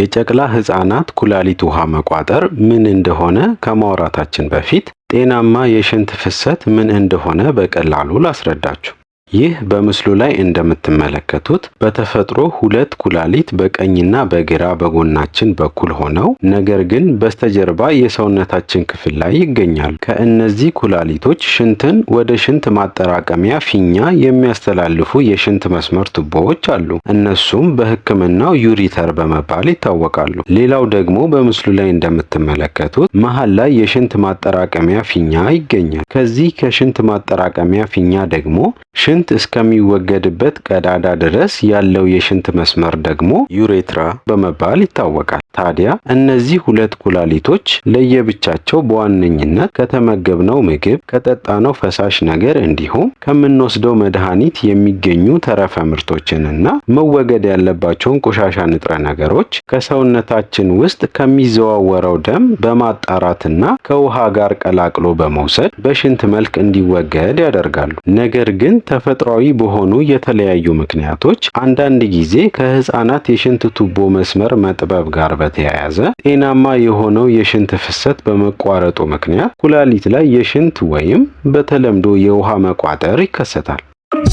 የጨቅላ ህፃናት ኩላሊት ውሃ መቋጠር ምን እንደሆነ ከማውራታችን በፊት ጤናማ የሽንት ፍሰት ምን እንደሆነ በቀላሉ ላስረዳችሁ። ይህ በምስሉ ላይ እንደምትመለከቱት በተፈጥሮ ሁለት ኩላሊት በቀኝና በግራ በጎናችን በኩል ሆነው ነገር ግን በስተጀርባ የሰውነታችን ክፍል ላይ ይገኛሉ። ከእነዚህ ኩላሊቶች ሽንትን ወደ ሽንት ማጠራቀሚያ ፊኛ የሚያስተላልፉ የሽንት መስመር ቱቦዎች አሉ። እነሱም በሕክምናው ዩሪተር በመባል ይታወቃሉ። ሌላው ደግሞ በምስሉ ላይ እንደምትመለከቱት መሀል ላይ የሽንት ማጠራቀሚያ ፊኛ ይገኛል። ከዚህ ከሽንት ማጠራቀሚያ ፊኛ ደግሞ ሽንት እስከሚወገድበት ቀዳዳ ድረስ ያለው የሽንት መስመር ደግሞ ዩሬትራ በመባል ይታወቃል። ታዲያ እነዚህ ሁለት ኩላሊቶች ለየብቻቸው በዋነኝነት ከተመገብነው ምግብ፣ ከጠጣነው ፈሳሽ ነገር እንዲሁም ከምንወስደው መድኃኒት የሚገኙ ተረፈ ምርቶችንና መወገድ ያለባቸውን ቆሻሻ ንጥረ ነገሮች ከሰውነታችን ውስጥ ከሚዘዋወረው ደም በማጣራትና ከውሃ ጋር ቀላቅሎ በመውሰድ በሽንት መልክ እንዲወገድ ያደርጋሉ። ነገር ግን ተፈጥሯዊ በሆኑ የተለያዩ ምክንያቶች አንዳንድ ጊዜ ከህፃናት የሽንት ቱቦ መስመር መጥበብ ጋር በተያያዘ ጤናማ የሆነው የሽንት ፍሰት በመቋረጡ ምክንያት ኩላሊት ላይ የሽንት ወይም በተለምዶ የውሃ መቋጠር ይከሰታል።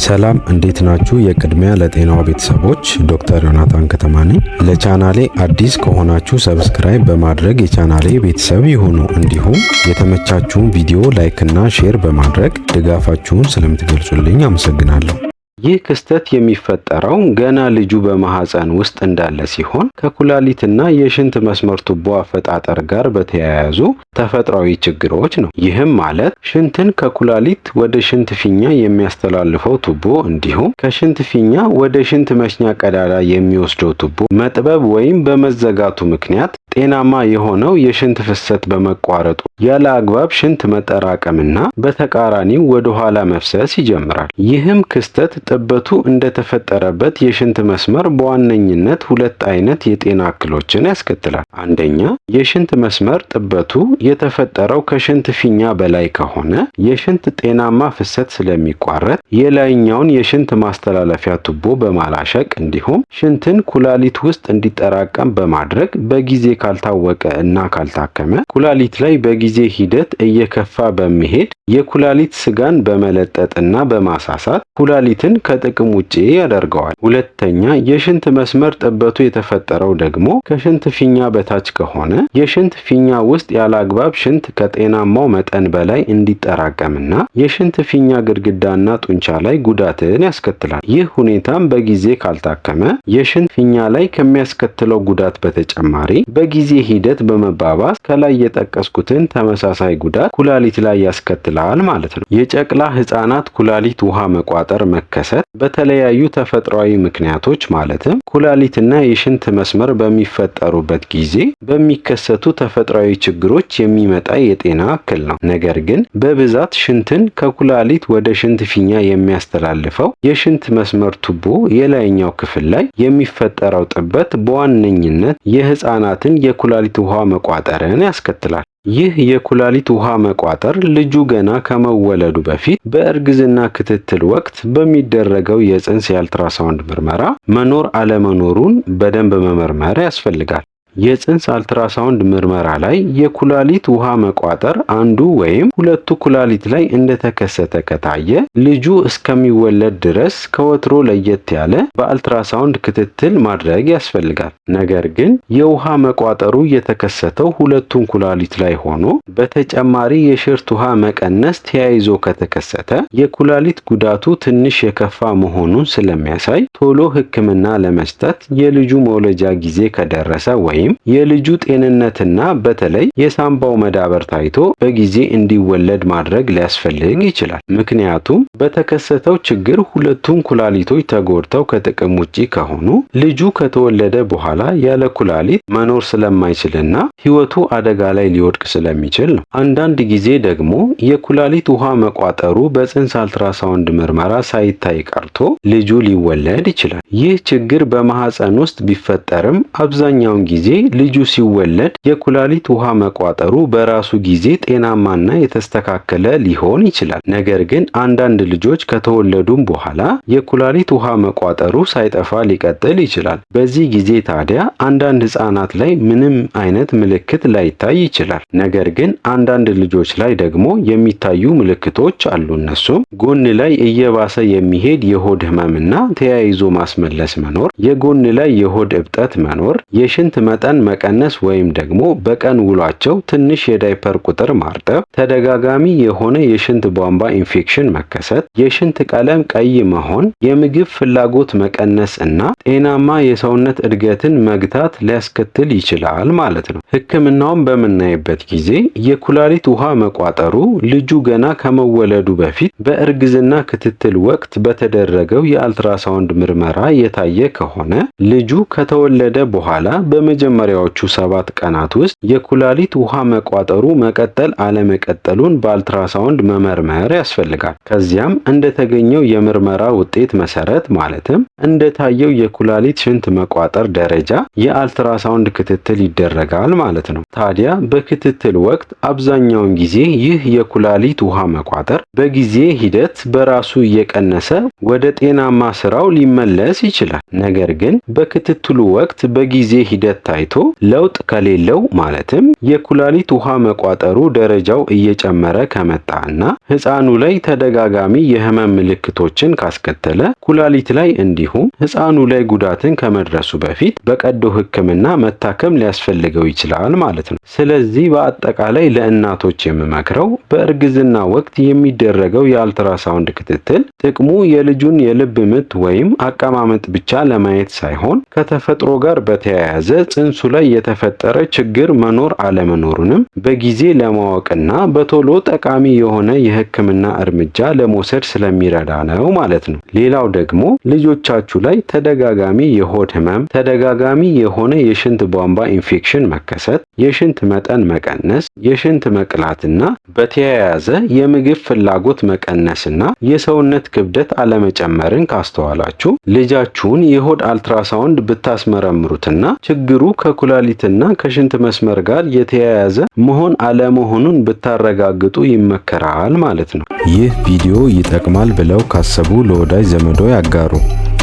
ሰላም እንዴት ናችሁ? የቅድሚያ ለጤናው ቤተሰቦች ዶክተር ዮናታን ከተማ ነኝ። ለቻናሌ አዲስ ከሆናችሁ ሰብስክራይብ በማድረግ የቻናሌ ቤተሰብ ይሁኑ። እንዲሁም የተመቻችሁን ቪዲዮ ላይክና ሼር በማድረግ ድጋፋችሁን ስለምትገልጹልኝ አመሰግናለሁ። ይህ ክስተት የሚፈጠረው ገና ልጁ በማህፀን ውስጥ እንዳለ ሲሆን ከኩላሊትና የሽንት መስመር ቱቦ አፈጣጠር ጋር በተያያዙ ተፈጥሯዊ ችግሮች ነው። ይህም ማለት ሽንትን ከኩላሊት ወደ ሽንት ፊኛ የሚያስተላልፈው ቱቦ እንዲሁም ከሽንት ፊኛ ወደ ሽንት መሽኛ ቀዳዳ የሚወስደው ቱቦ መጥበብ ወይም በመዘጋቱ ምክንያት ጤናማ የሆነው የሽንት ፍሰት በመቋረጡ ያለ አግባብ ሽንት መጠራቀምና በተቃራኒው ወደ ኋላ መፍሰስ ይጀምራል። ይህም ክስተት ጥበቱ እንደተፈጠረበት የሽንት መስመር በዋነኝነት ሁለት አይነት የጤና እክሎችን ያስከትላል። አንደኛ የሽንት መስመር ጥበቱ የተፈጠረው ከሽንት ፊኛ በላይ ከሆነ የሽንት ጤናማ ፍሰት ስለሚቋረጥ የላይኛውን የሽንት ማስተላለፊያ ቱቦ በማላሸቅ እንዲሁም ሽንትን ኩላሊት ውስጥ እንዲጠራቀም በማድረግ በጊዜ ካልታወቀ እና ካልታከመ ኩላሊት ላይ በጊዜ ሂደት እየከፋ በሚሄድ የኩላሊት ስጋን በመለጠጥና በማሳሳት ኩላሊትን ከጥቅም ውጪ ያደርገዋል። ሁለተኛ የሽንት መስመር ጥበቱ የተፈጠረው ደግሞ ከሽንት ፊኛ በታች ከሆነ የሽንት ፊኛ ውስጥ ያለ አግባብ ሽንት ከጤናማው መጠን በላይ እንዲጠራቀምና የሽንት ፊኛ ግድግዳና ጡንቻ ላይ ጉዳትን ያስከትላል። ይህ ሁኔታም በጊዜ ካልታከመ የሽንት ፊኛ ላይ ከሚያስከትለው ጉዳት በተጨማሪ በጊዜ ሂደት በመባባስ ከላይ የጠቀስኩትን ተመሳሳይ ጉዳት ኩላሊት ላይ ያስከትላል ይችላል ማለት ነው። የጨቅላ ህጻናት ኩላሊት ውሃ መቋጠር መከሰት በተለያዩ ተፈጥሯዊ ምክንያቶች ማለትም ኩላሊትና የሽንት መስመር በሚፈጠሩበት ጊዜ በሚከሰቱ ተፈጥሯዊ ችግሮች የሚመጣ የጤና እክል ነው። ነገር ግን በብዛት ሽንትን ከኩላሊት ወደ ሽንት ፊኛ የሚያስተላልፈው የሽንት መስመር ቱቦ የላይኛው ክፍል ላይ የሚፈጠረው ጥበት በዋነኝነት የህጻናትን የኩላሊት ውሃ መቋጠርን ያስከትላል። ይህ የኩላሊት ውሃ መቋጠር ልጁ ገና ከመወለዱ በፊት በእርግዝና ክትትል ወቅት በሚደረገው የጽንስ የአልትራሳውንድ ምርመራ መኖር አለመኖሩን በደንብ መመርመር ያስፈልጋል። የጽንስ አልትራሳውንድ ምርመራ ላይ የኩላሊት ውሃ መቋጠር አንዱ ወይም ሁለቱ ኩላሊት ላይ እንደተከሰተ ከታየ ልጁ እስከሚወለድ ድረስ ከወትሮ ለየት ያለ በአልትራሳውንድ ክትትል ማድረግ ያስፈልጋል። ነገር ግን የውሃ መቋጠሩ የተከሰተው ሁለቱም ኩላሊት ላይ ሆኖ በተጨማሪ የሽርት ውሃ መቀነስ ተያይዞ ከተከሰተ የኩላሊት ጉዳቱ ትንሽ የከፋ መሆኑን ስለሚያሳይ ቶሎ ሕክምና ለመስጠት የልጁ መውለጃ ጊዜ ከደረሰ ወይም ወይም የልጁ ጤንነትና በተለይ የሳምባው መዳበር ታይቶ በጊዜ እንዲወለድ ማድረግ ሊያስፈልግ ይችላል። ምክንያቱም በተከሰተው ችግር ሁለቱም ኩላሊቶች ተጎድተው ከጥቅም ውጪ ከሆኑ ልጁ ከተወለደ በኋላ ያለ ኩላሊት መኖር ስለማይችልና ሕይወቱ አደጋ ላይ ሊወድቅ ስለሚችል ነው። አንዳንድ ጊዜ ደግሞ የኩላሊት ውሃ መቋጠሩ በጽንስ አልትራሳውንድ ምርመራ ሳይታይ ቀርቶ ልጁ ሊወለድ ይችላል። ይህ ችግር በማህፀን ውስጥ ቢፈጠርም አብዛኛውን ጊዜ ልጁ ሲወለድ የኩላሊት ውሃ መቋጠሩ በራሱ ጊዜ ጤናማና የተስተካከለ ሊሆን ይችላል። ነገር ግን አንዳንድ ልጆች ከተወለዱም በኋላ የኩላሊት ውሃ መቋጠሩ ሳይጠፋ ሊቀጥል ይችላል። በዚህ ጊዜ ታዲያ አንዳንድ ህጻናት ላይ ምንም አይነት ምልክት ላይታይ ይችላል። ነገር ግን አንዳንድ ልጆች ላይ ደግሞ የሚታዩ ምልክቶች አሉ። እነሱም ጎን ላይ እየባሰ የሚሄድ የሆድ ህመምና ተያይዞ ማስመለስ መኖር፣ የጎን ላይ የሆድ እብጠት መኖር፣ የሽንት መጠ መጠን መቀነስ ወይም ደግሞ በቀን ውሏቸው ትንሽ የዳይፐር ቁጥር ማርጠብ፣ ተደጋጋሚ የሆነ የሽንት ቧንቧ ኢንፌክሽን መከሰት፣ የሽንት ቀለም ቀይ መሆን፣ የምግብ ፍላጎት መቀነስ እና ጤናማ የሰውነት እድገትን መግታት ሊያስከትል ይችላል ማለት ነው። ሕክምናውን በምናይበት ጊዜ የኩላሊት ውሃ መቋጠሩ ልጁ ገና ከመወለዱ በፊት በእርግዝና ክትትል ወቅት በተደረገው የአልትራሳውንድ ምርመራ የታየ ከሆነ ልጁ ከተወለደ በኋላ በመጀ በመጀመሪያዎቹ ሰባት ቀናት ውስጥ የኩላሊት ውሃ መቋጠሩ መቀጠል አለመቀጠሉን በአልትራሳውንድ መመርመር ያስፈልጋል። ከዚያም እንደተገኘው የምርመራ ውጤት መሰረት ማለትም እንደታየው የኩላሊት ሽንት መቋጠር ደረጃ የአልትራሳውንድ ክትትል ይደረጋል ማለት ነው። ታዲያ በክትትል ወቅት አብዛኛውን ጊዜ ይህ የኩላሊት ውሃ መቋጠር በጊዜ ሂደት በራሱ እየቀነሰ ወደ ጤናማ ስራው ሊመለስ ይችላል። ነገር ግን በክትትሉ ወቅት በጊዜ ሂደት ታይቶ ለውጥ ከሌለው ማለትም የኩላሊት ውሃ መቋጠሩ ደረጃው እየጨመረ ከመጣ እና ህፃኑ ላይ ተደጋጋሚ የህመም ምልክቶችን ካስከተለ ኩላሊት ላይ እንዲሁም ህፃኑ ላይ ጉዳትን ከመድረሱ በፊት በቀዶ ህክምና መታከም ሊያስፈልገው ይችላል ማለት ነው። ስለዚህ በአጠቃላይ ለእናቶች የምመክረው በእርግዝና ወቅት የሚደረገው የአልትራሳውንድ ክትትል ጥቅሙ የልጁን የልብ ምት ወይም አቀማመጥ ብቻ ለማየት ሳይሆን ከተፈጥሮ ጋር በተያያዘ ጽንሱ ላይ የተፈጠረ ችግር መኖር አለመኖሩንም በጊዜ ለማወቅና በቶሎ ጠቃሚ የሆነ የሕክምና እርምጃ ለመውሰድ ስለሚረዳ ነው ማለት ነው። ሌላው ደግሞ ልጆቻችሁ ላይ ተደጋጋሚ የሆድ ህመም፣ ተደጋጋሚ የሆነ የሽንት ቧንቧ ኢንፌክሽን መከሰት፣ የሽንት መጠን መቀነስ፣ የሽንት መቅላትና በተያያዘ የምግብ ፍላጎት መቀነስና የሰውነት ክብደት አለመጨመርን ካስተዋላችሁ ልጃችሁን የሆድ አልትራሳውንድ ብታስመረምሩትና ችግሩ ከኩላሊትና ከሽንት መስመር ጋር የተያያዘ መሆን አለመሆኑን ብታረጋግጡ ይመከራል ማለት ነው። ይህ ቪዲዮ ይጠቅማል ብለው ካሰቡ ለወዳጅ ዘመዶ ያጋሩ።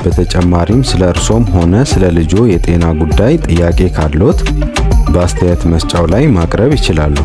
በተጨማሪም ስለ እርሶም ሆነ ስለ ልጆ የጤና ጉዳይ ጥያቄ ካሎት በአስተያየት መስጫው ላይ ማቅረብ ይችላሉ።